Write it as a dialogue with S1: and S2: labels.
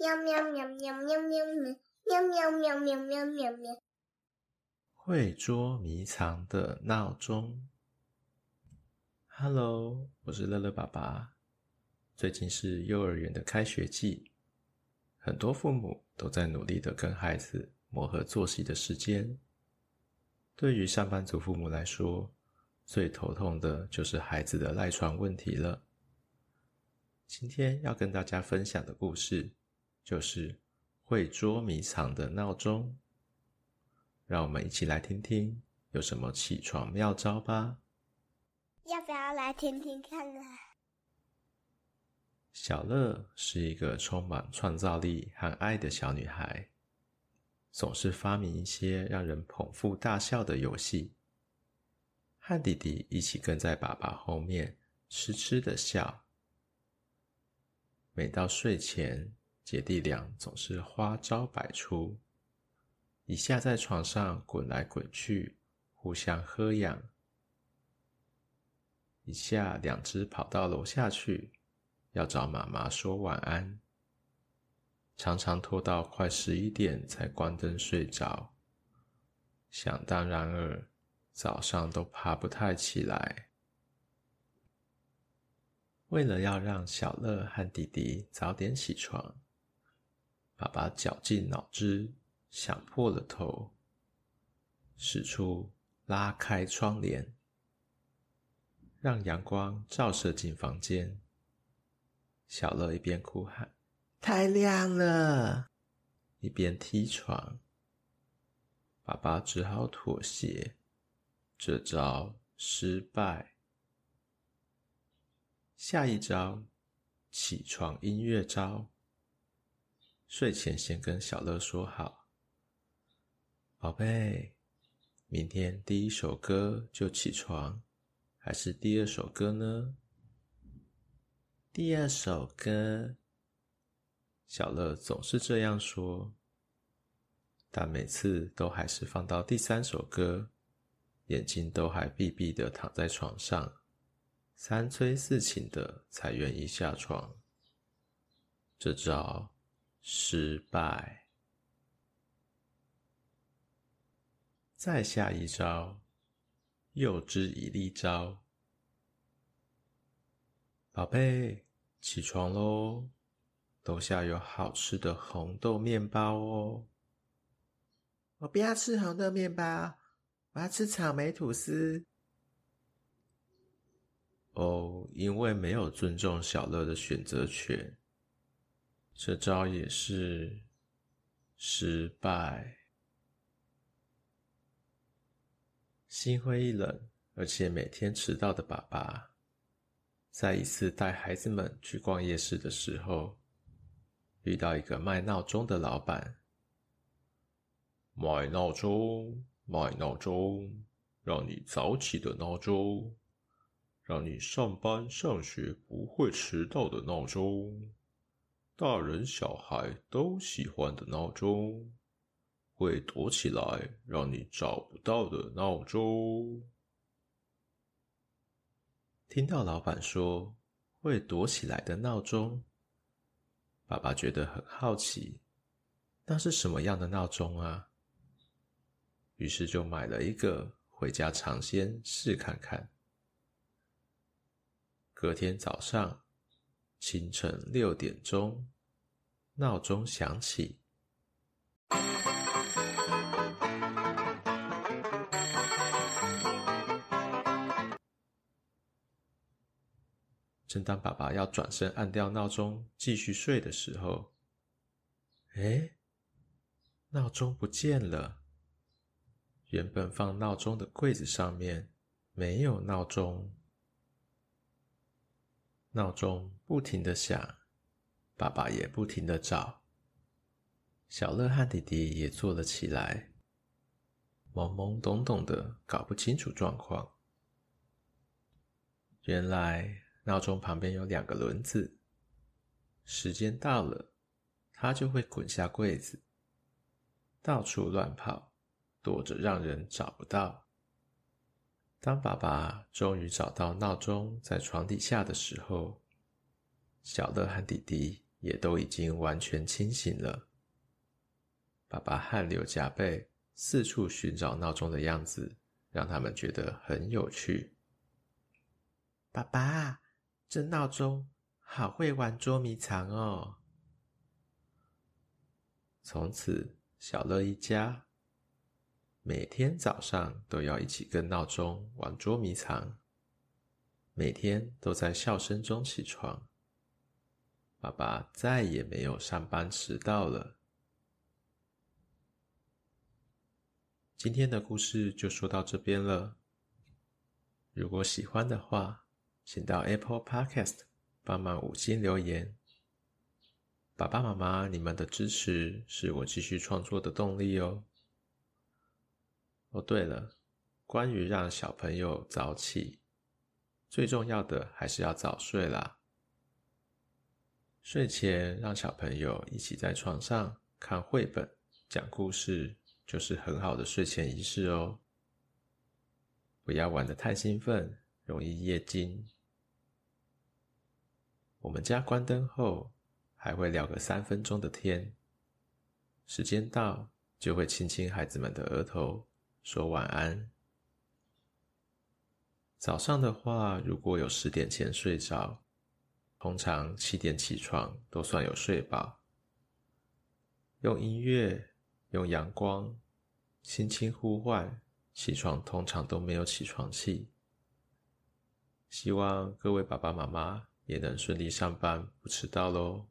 S1: 喵喵喵喵喵喵喵喵喵喵喵喵喵。會捉迷藏的鬧鐘。Hello，我是樂樂爸爸。最近是幼兒園的開學季，很多父母都在努力的跟孩子磨合作息的時間。對於上班族父母來說，最頭痛的就是孩子的賴床問題了。今天要跟大家分享的故事。就是會捉迷藏的鬧鐘，讓我們一起來聽聽，有什麼起床妙招吧。要不要來聽聽看啊？小樂是一個充滿創造力和愛的小女孩，總是發明一些讓人捧腹大笑的遊戲，和弟弟一起跟在爸爸後面，痴痴的笑。每到睡前。姐弟倆總是花招百出，一下在床上滾來滾去，互相呵癢。一下兩隻跑到樓下去，要找媽媽說晚安。常常拖到快十一點才關燈睡着，想當然爾，早上都爬不太起來。為了要讓小樂和弟弟早點起床。爸爸絞盡腦汁，想破了頭，使出拉開窗簾，讓陽光照射進房間。小樂一邊哭喊“太亮了”，一邊踢床。爸爸只好妥協，這招失敗。下一招，起床音樂招。睡前先跟小樂說好，寶貝，明天第一首歌就起床，還是第二首歌呢？第二首歌，小樂總是這樣說，但每次都還是放到第三首歌，眼睛都還閉閉的躺在床上，三催四請的才願意下床。這招。失敗，再下一招，誘之以利招。寶貝，起床嘍，樓下有好吃的紅豆麵包哦。我不要吃紅豆麵包，我要吃草莓吐司。哦，oh, 因為沒有尊重小樂的選擇權。這招也是失敗，心灰意冷，而且每天遲到的爸爸，在一次帶孩子們去逛夜市的時候，遇到一個賣鬧鐘的老板。賣鬧鐘，賣鬧鐘，讓你早起的鬧鐘，讓你上班上學不會遲到的鬧鐘。大人小孩都喜歡的鬧鐘，會躲起來讓你找不到的鬧鐘。聽到老闆說會躲起來的鬧鐘，爸爸覺得很好奇，那是什麼樣的鬧鐘啊？於是就買了一個回家嘗鮮試看看。隔天早上。清晨六點鐘，鬧鐘響起。正當爸爸要轉身按掉鬧鐘繼續睡的時候，誒，鬧鐘不見了！原本放鬧鐘的櫃子上面沒有鬧鐘。鬧鐘不停的響，爸爸也不停的找，小樂和弟弟也坐了起來，懵懵懂懂的搞不清楚狀況。原來鬧鐘旁邊有兩個輪子，時間到了，它就會滾下櫃子，到處亂跑，躲着讓人找不到。當爸爸終於找到鬧鐘在床底下的時候，小樂和弟弟也都已經完全清醒了。爸爸汗流浹背，四處尋找鬧鐘的樣子，讓他們覺得很有趣。爸爸，這鬧鐘好會玩捉迷藏哦！從此，小樂一家。每天早上都要一起跟鬧鐘玩捉迷藏，每天都在笑聲中起床。爸爸再也沒有上班遲到了。今天的故事就說到這邊了。如果喜歡的話，請到 Apple Podcast 幫忙五星留言。爸爸媽媽，你們的支持是我繼續創作的動力哦。哦，oh, 對了，關於讓小朋友早起，最重要的還是要早睡啦。睡前讓小朋友一起在床上看繪本、講故事，就是很好的睡前儀式哦。不要玩得太興奮，容易夜驚。我們家關燈後還會聊個三分鐘的天，時間到就會親親孩子們的額頭，說晚安。早上的話，如果有十點前睡着，通常七點起床都算有睡飽。用音樂，用陽光，輕輕呼喚起床，通常都沒有起床氣。希望各位爸爸媽媽也能順利上班，不遲到嘍。